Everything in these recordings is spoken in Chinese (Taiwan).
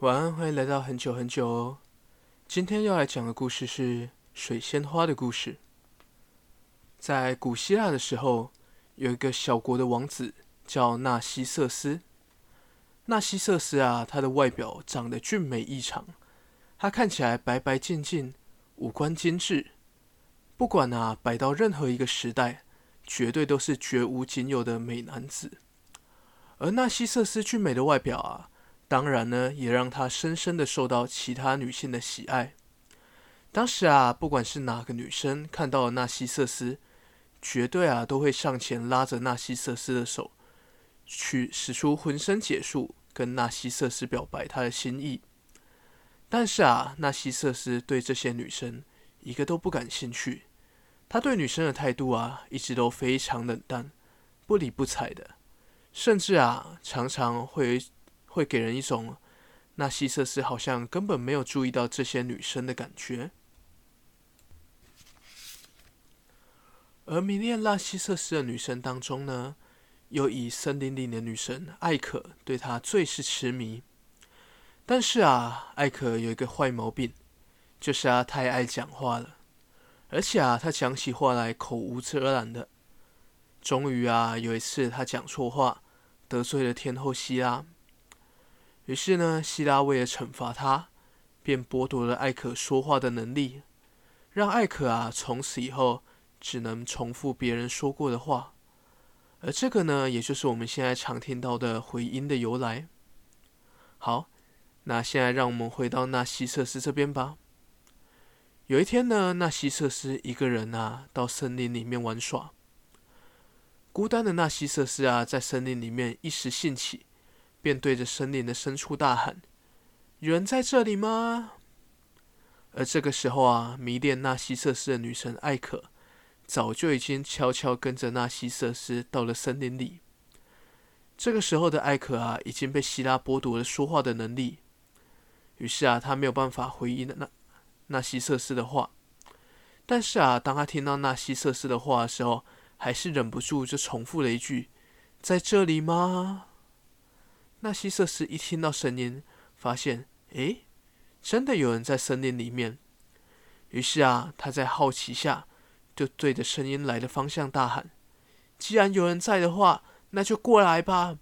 晚安，歡迎來到很久很久哦。今天要來講的故事是水仙花的故事。在古希臘的時候，有一個小國的王子叫納西瑟斯。納西瑟斯啊，他的外表長得俊美異常，他看起來白白淨淨，五官精緻，不管啊擺到任何一個時代，絕對都是絕無僅有的美男子。而納西瑟斯俊美的外表啊，當然呢，也讓他深深的受到其他女性的喜愛。當時啊，不管是哪個女生看到了納西瑟斯，絕對啊，都會上前拉着納西瑟斯的手，去使出渾身解數跟納西瑟斯表白他的心意。但是啊，納西瑟斯對這些女生一個都不感興趣，他對女生的態度啊，一直都非常冷淡，不理不睬的，甚至啊，常常會。會給人一種納西瑟斯好像根本沒有注意到這些女生的感覺。而迷戀納西瑟斯的女生當中呢，又以森林裡的女神艾可對她最是痴迷。但是啊，艾可有一個壞毛病，就是她太愛講話了，而且啊，她講起話來口無遮攔的。終於啊，有一次她講錯話，得罪了天後希拉。於是呢，希拉為了懲罰他，便剝奪了艾可說話的能力，讓艾可啊從此以後只能重複別人說過的話，而這個呢，也就是我們現在常聽到的回音的由來。好，那現在讓我們回到納西瑟斯這邊吧。有一天呢，納西瑟斯一個人啊到森林裡面玩耍，孤單的納西瑟斯啊在森林裡面一時興起。便對着森林的深處大喊：“有人在這裡嗎？”而這個時候啊，迷戀納西瑟斯的女神艾可，早就已經悄悄跟着納西瑟斯到了森林裡。這個時候的艾可啊，已經被希拉剝奪了說話的能力，於是啊，她沒有辦法回應納納西瑟斯的話。但是啊，當她聽到納西瑟斯的話的時候，還是忍不住就重複了一句：“在這裡嗎？”納西瑟斯一聽到聲音，發現，誒，真的有人在森林裡面。於是啊，他在好奇下，就對着聲音來的方向大喊：“既然有人在的話，那就過來吧。”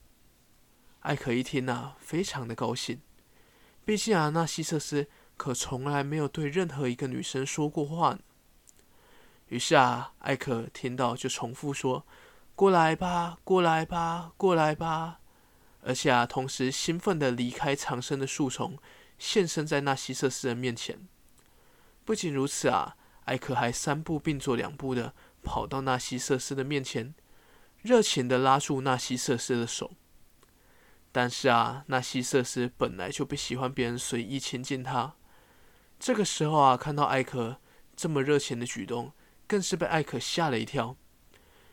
艾可一聽啊，非常的高興，畢竟啊，納西瑟斯可從來沒有對任何一個女生說過話呢。於是啊，艾可聽到就重複說：“過來吧，過來吧，過來吧。”而且啊，同時興奮地離開藏身的樹叢，現身在納西瑟斯的面前。不僅如此啊，艾可還三步並作兩步地跑到納西瑟斯的面前，熱情地拉住納西瑟斯的手。但是啊，納西瑟斯本來就不喜歡別人隨意親近他，這個時候啊，看到艾可這麼熱情的舉動，更是被艾可嚇了一跳。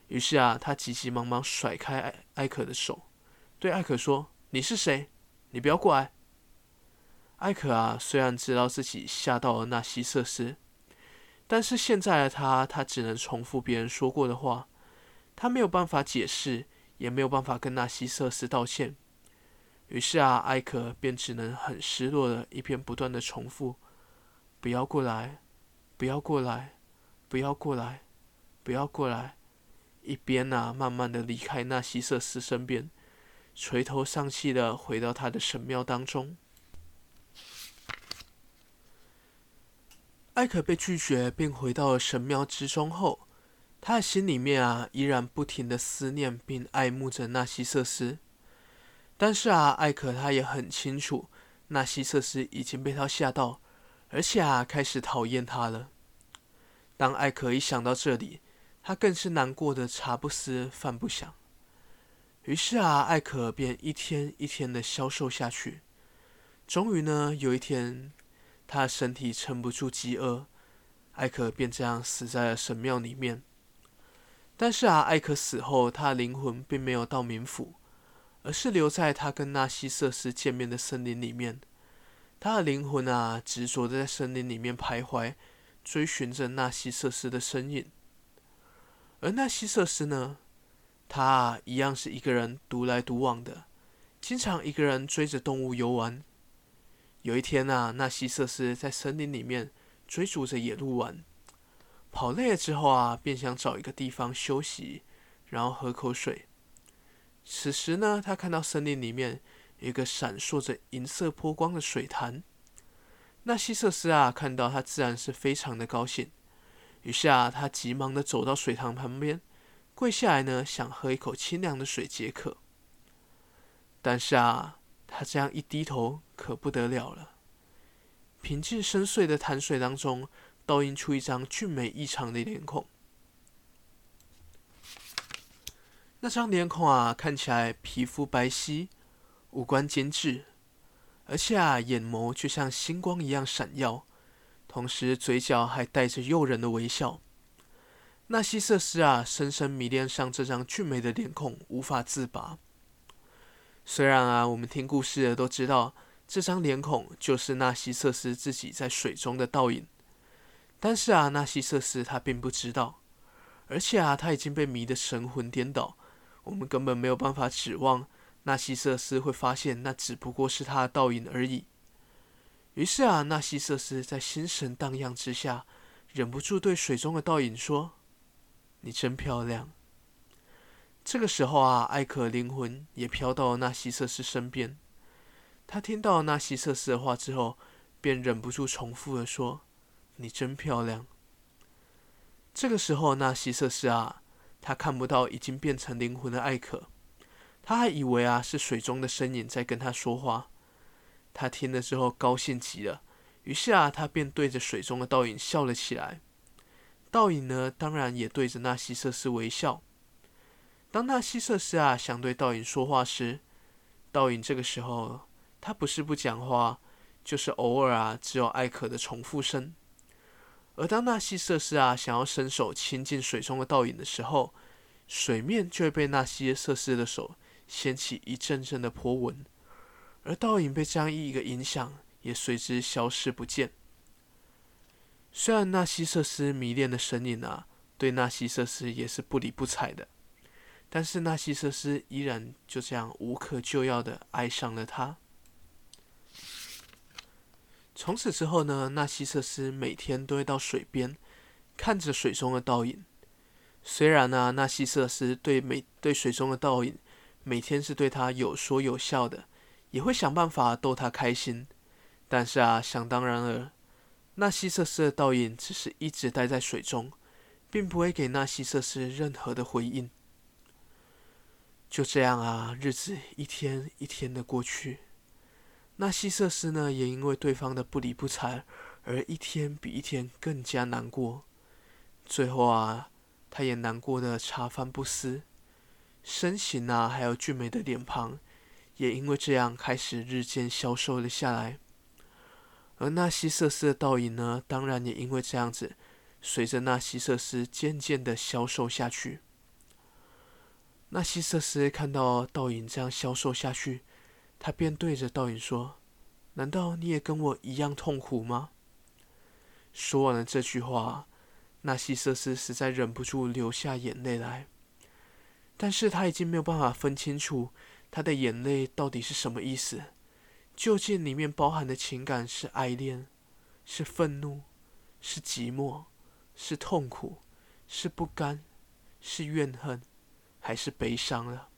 於是啊，他急急忙忙甩開艾艾可的手。對艾可說：“你是誰？你不要過來。”艾可啊，雖然知道自己嚇到了納西瑟斯，但是現在的他，他只能重複別人說過的話，他沒有辦法解釋，也沒有辦法跟納西瑟斯道歉。於是啊，艾可便只能很失落的一邊不斷的重複：“不要過來，不要過來，不要過來，不要過來，不要過來。”一邊啊，慢慢的離開納西瑟斯身邊。垂頭喪氣的回到他的神廟當中。艾可被拒絕並回到了神廟之中後，他的心裡面啊依然不停的思念並愛慕着納西瑟斯，但是啊艾可他也很清楚納西瑟斯已經被他嚇到，而且啊開始討厭他了。當艾可一想到這裡，他更是難過的茶不思飯不想。於是啊，艾可便一天一天的消瘦下去。終於呢，有一天，他的身體撐不住飢餓，艾可便這樣死在了神廟裡面。但是啊，艾可死後，他的靈魂並沒有到冥府，而是留在他跟納西瑟斯見面的森林裡面。他的靈魂啊，執着的在森林裡面徘徊，追尋着納西瑟斯的身影。而納西瑟斯呢？他啊，一樣是一個人獨來獨往的，經常一個人追着動物遊玩。有一天啊，納西瑟斯在森林裡面追逐着野鹿玩，跑累了之後啊，便想找一個地方休息，然後喝口水。此時呢，他看到森林裡面有一個閃爍着銀色波光的水潭，納西瑟斯啊，看到他自然是非常的高興，於是啊，他急忙的走到水塘旁邊。跪下來呢，想喝一口清涼的水解渴。但是啊，他這樣一低頭，可不得了了。平靜深邃的潭水當中，倒映出一張俊美異常的臉孔。那張臉孔啊，看起來皮膚白皙，五官精致，而且啊，眼眸卻像星光一樣閃耀，同時嘴角還帶着誘人的微笑。納西瑟斯啊，深深迷戀上這張俊美的臉孔，無法自拔。雖然啊，我們聽故事的都知道，這張臉孔就是納西瑟斯自己在水中的倒影，但是啊，納西瑟斯他並不知道，而且啊，他已經被迷得神魂顛倒，我們根本沒有辦法指望納西瑟斯會發現那只不過是他的倒影而已。於是啊，納西瑟斯在心神蕩漾之下，忍不住對水中的倒影說，你真漂亮。這個時候啊，艾可的靈魂也飄到了納西瑟斯身邊。他聽到納西瑟斯的話之後，便忍不住重複地說：“你真漂亮。”這個時候，納西瑟斯啊，他看不到已經變成靈魂的艾可，他還以為啊是水中的身影在跟他說話。他聽了之後高興極了，於是啊，他便對着水中的倒影笑了起來。倒影呢，當然也對着納西瑟斯微笑。當納西瑟斯啊想對倒影說話時，倒影這個時候他不是不講話，就是偶爾啊只有艾可的重複聲。而當納西瑟斯啊想要伸手親近水中的倒影的時候，水面就會被納西瑟斯的手掀起一陣陣的波紋，而倒影被這樣一個影響，也隨之消失不見。雖然納西瑟斯迷戀的身影啊，對納西瑟斯也是不理不睬的，但是納西瑟斯依然就這樣無可救藥的愛上了他。從此之後呢，納西瑟斯每天都會到水邊，看着水中的倒影。雖然呢、啊，納西瑟斯對每對水中的倒影，每天是對他有說有笑的，也會想辦法逗他開心，但是啊，想當然爾。納西瑟斯的倒影只是一直待在水中，並不會給納西瑟斯任何的回應。就這樣啊，日子一天一天的過去，納西瑟斯呢也因為對方的不理不睬而一天比一天更加難過。最後啊，他也難過得茶飯不思，身形啊還有俊美的臉龐也因為這樣開始日漸消瘦了下來。而納西瑟斯的倒影呢，當然也因為這樣子，隨着納西瑟斯漸漸的消瘦下去。納西瑟斯看到倒影這樣消瘦下去，他便對着倒影說：“難道你也跟我一樣痛苦嗎？”說完了這句話，納西瑟斯實在忍不住流下眼淚來。但是他已經沒有辦法分清楚他的眼淚到底是什麼意思。究竟裡面包含的情感是愛戀，是憤怒，是寂寞，是痛苦，是不甘，是怨恨，還是悲傷了？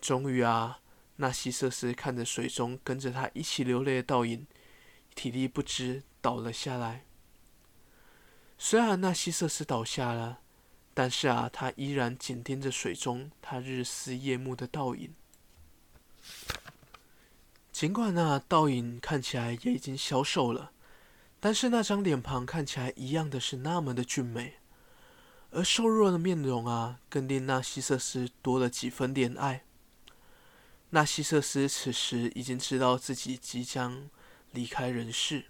終於啊，納西瑟斯看着水中跟着他一起流淚的倒影，體力不支倒了下來。雖然納西瑟斯倒下了，但是啊，他依然緊盯着水中他日思夜慕的倒影。儘管那倒影看起來也已經消瘦了，但是那張臉龐看起來一樣的是那麼的俊美，而瘦弱的面容啊，更令納西瑟斯多了幾分憐愛。納西瑟斯此時已經知道自己即將離開人世，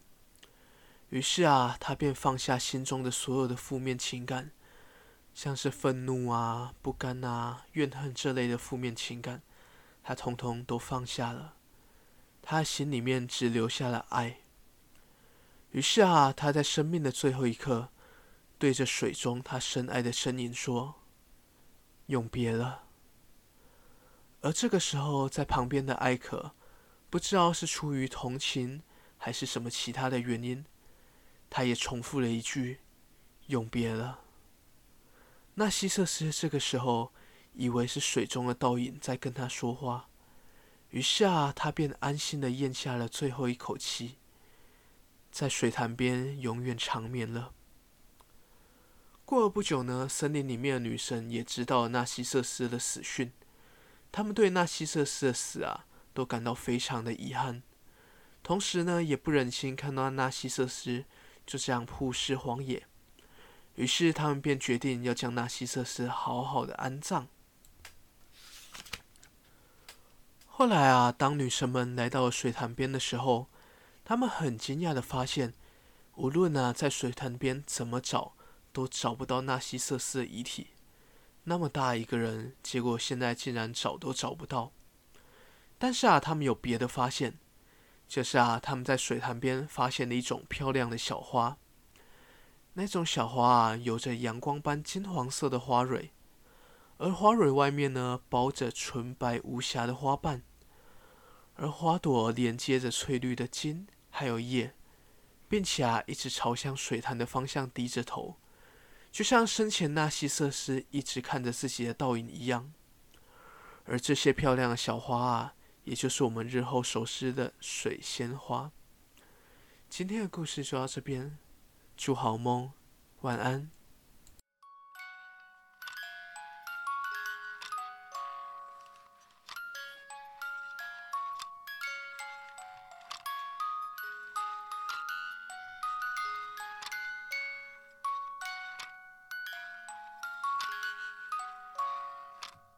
於是啊，他便放下心中的所有的負面情感，像是憤怒啊、不甘啊、怨恨這類的負面情感，他通通都放下了。他心裡面只留下了愛。於是啊，他在生命的最後一刻，對着水中他深愛的身影說：“永別了。”而這個時候，在旁邊的艾可，不知道是出於同情還是什麼其他的原因，他也重複了一句：“永別了。”納西瑟斯這個時候以為是水中的倒影在跟他說話。於是啊，他便安心的咽下了最後一口氣，在水潭邊永遠長眠了。過了不久呢，森林裡面的女神也知道了納西瑟斯的死訊，他們對納西瑟斯的死啊，都感到非常的遺憾，同時呢，也不忍心看到納西瑟斯就這樣曝屍荒野，於是他們便決定要將納西瑟斯好好的安葬。後來啊，當女神們來到水潭邊的時候，她們很驚訝地發現，無論啊在水潭邊怎麼找，都找不到納西瑟斯的遺體。那麼大一個人，結果現在竟然找都找不到。但是啊，她們有別的發現，就是啊，她們在水潭邊發現了一種漂亮的小花。那種小花啊，有着陽光般金黃色的花蕊。而花蕊外面呢，包着純白無瑕的花瓣，而花朵連接着翠綠的莖，還有葉，並且啊，一直朝向水潭的方向低着頭，就像生前納西瑟斯一直看着自己的倒影一樣。而這些漂亮的小花啊，也就是我們日後熟悉的水仙花。今天的故事就到這邊，祝好夢，晚安。